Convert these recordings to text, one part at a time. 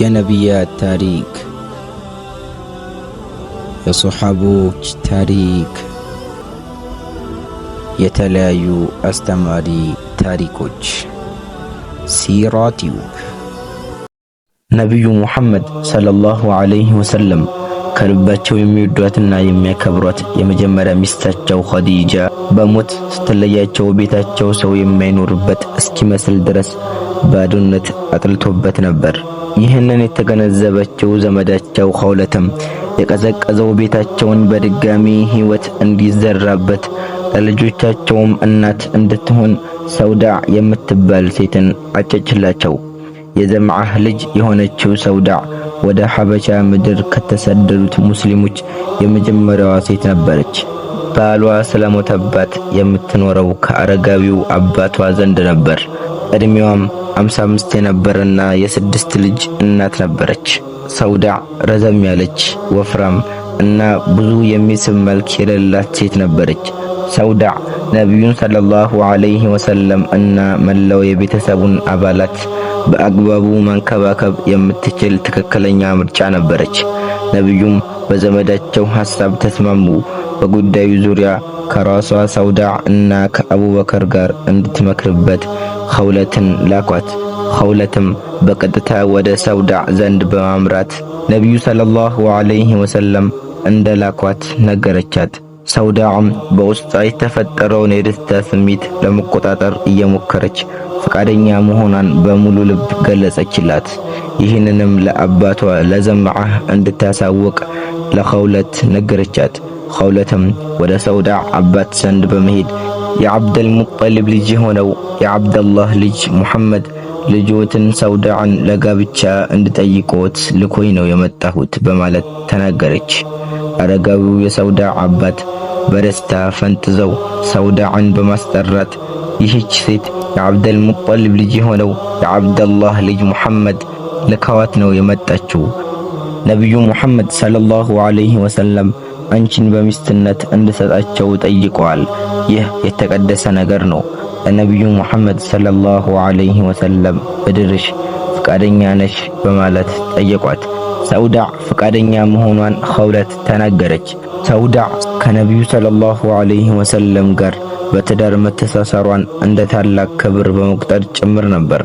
يا نبي التاريك يا صحابوك تاريك يا تلايو استماري تاريكوك سيراتيوك نبي محمد صلى الله عليه وسلم كربات يميدوات النايم يا كبرات يا مجمرة مستجو خديجة በሞት ስትለያቸው ቤታቸው ሰው የማይኖርበት እስኪመስል ድረስ ባዶነት አጥልቶበት ነበር። ይህንን የተገነዘበችው ዘመዳቸው ኸውለትም የቀዘቀዘው ቤታቸውን በድጋሚ ሕይወት እንዲዘራበት ለልጆቻቸውም እናት እንድትሆን ሰውዳ የምትባል ሴትን አጨችላቸው። የዘምዓህ ልጅ የሆነችው ሰውዳ ወደ ሐበሻ ምድር ከተሰደዱት ሙስሊሞች የመጀመሪያዋ ሴት ነበረች። ባሏ ስለሞተባት የምትኖረው ከአረጋዊው አባቷ ዘንድ ነበር። እድሜዋም 55 የነበረና የስድስት ልጅ እናት ነበረች። ሰውዳዕ ረዘም ያለች ወፍራም እና ብዙ የሚስብ መልክ የሌላት ሴት ነበረች። ሰውዳዕ ነቢዩን ሰለላሁ ዐለይሂ ወሰለም እና መላው የቤተሰቡን አባላት በአግባቡ መንከባከብ የምትችል ትክክለኛ ምርጫ ነበረች። ነቢዩም በዘመዳቸው ሐሳብ ተስማሙ። በጉዳዩ ዙሪያ ከራሷ ሰውዳ እና ከአቡበከር ጋር እንድትመክርበት ኸውለትን ላኳት። ኸውለትም በቀጥታ ወደ ሰውዳ ዘንድ በማምራት ነቢዩ ሰለላሁ ዐለይሂ ወሰለም እንደ ላኳት ነገረቻት። ሰውዳዕም በውስጧ የተፈጠረውን የደስታ ስሜት ለመቆጣጠር እየሞከረች ፈቃደኛ መሆኗን በሙሉ ልብ ገለጸችላት። ይህንንም ለአባቷ ለዘምዓህ እንድታሳውቅ ለኸውለት ነገረቻት። ኸውለትም ወደ ሰውዳ አባት ዘንድ በመሄድ የዓብደልሙጠሊብ ልጅ የሆነው የዓብደላህ ልጅ ሙሐመድ ልጆትን ሰውዳዕን ለጋብቻ እንድጠይቆት ልኮኝ ነው የመጣሁት በማለት ተናገረች። አረጋዊው የሰውዳዕ አባት በደስታ ፈንጥዘው ሰውዳዕን በማስጠራት ይህች ሴት የዓብደልሙጠሊብ ልጅ የሆነው የዓብደላህ ልጅ ሙሐመድ ልካዋት ነው የመጣችው። ነቢዩ ሙሐመድ ሰለላሁ ዐለይሂ ወሰለም አንቺን በሚስትነት እንድሰጣቸው ጠይቀዋል። ይህ የተቀደሰ ነገር ነው። ለነቢዩ ሙሐመድ ሰለላሁ ዐለይሂ ወሰለም እድርሽ ፍቃደኛ ነሽ በማለት ጠየቋት። ሰውዳዕ ፍቃደኛ መሆኗን ኸውለት ተናገረች። ሰውዳዕ ከነቢዩ ሰለላሁ ዐለይሂ ወሰለም ጋር በትዳር መተሳሰሯን እንደ ታላቅ ክብር በመቁጠር ጭምር ነበር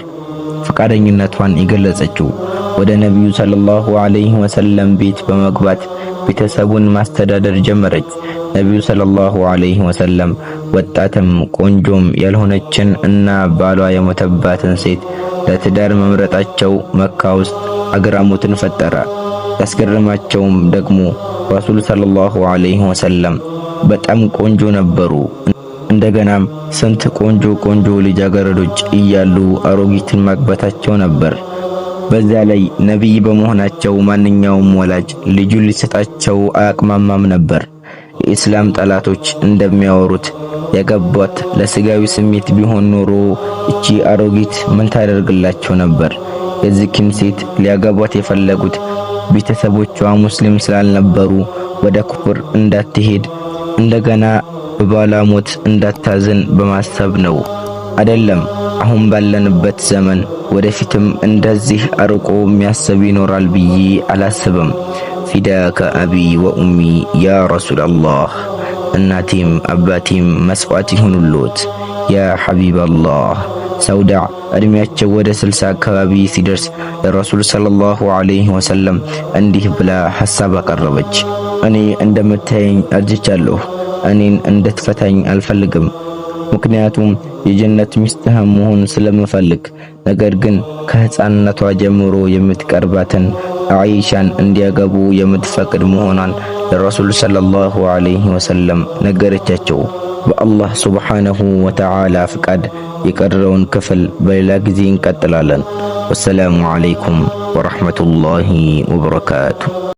ፍቃደኝነቷን የገለጸችው። ወደ ነቢዩ ሰለላሁ ዐለይሂ ወሰለም ቤት በመግባት ቤተሰቡን ማስተዳደር ጀመረች። ነቢዩ ሰለላሁ ዐለይሂ ወሰለም ወጣትም ቆንጆም ያልሆነችን እና ባሏ የሞተባትን ሴት ለትዳር መምረጣቸው መካ ውስጥ አግራሞትን ፈጠረ። ያስገረማቸውም ደግሞ ረሱል ሰለላሁ ዐለይሂ ወሰለም በጣም ቆንጆ ነበሩ። እንደገናም ስንት ቆንጆ ቆንጆ ልጃገረዶች እያሉ አሮጊትን ማግባታቸው ነበር። በዛ ላይ ነቢይ በመሆናቸው ማንኛውም ወላጅ ልጁን ሊሰጣቸው አያቅማማም ነበር። የኢስላም ጠላቶች እንደሚያወሩት ያገቧት ለስጋዊ ስሜት ቢሆን ኖሮ እቺ አሮጊት ምን ታደርግላቸው ነበር? የዚህን ሴት ሊያገቧት የፈለጉት ቤተሰቦቿ ሙስሊም ስላልነበሩ ወደ ኩፍር እንዳትሄድ እንደገና በባሏ ሞት እንዳታዝን በማሰብ ነው። አይደለም አሁን ባለንበት ዘመን ወደፊትም እንደዚህ አርቆ የሚያስብ ይኖራል ብዬ አላስብም። ፊዳከ አቢ ወኡሚ ያ ረሱላላህ፣ እናቴም አባቴም መስዋዕት ይሁኑሎት። ያ ሐቢበላህ ሰውዳዕ እድሜያቸው ወደ ስልሳ አካባቢ ሲደርስ ለረሱል ሰለላሁ ዐለይሂ ወሰለም እንዲህ ብላ ሐሳብ አቀረበች። እኔ እንደምታየኝ አርጅቻለሁ። እኔን እንድትፈታኝ አልፈልግም ምክንያቱም የጀነት ሚስትህ መሆን ስለምፈልግ። ነገር ግን ከህፃንነቷ ጀምሮ የምትቀርባትን አይሻን እንዲያገቡ የምትፈቅድ መሆኗን ለረሱል ሰለላሁ ዐለይሂ ወሰለም ነገረቻቸው። በአላህ ሱብሓነሁ ወተዓላ ፍቃድ የቀረውን ክፍል በሌላ ጊዜ እንቀጥላለን። ወሰላሙ ዐለይኩም ወረሕመቱላሂ ወበረካቱ።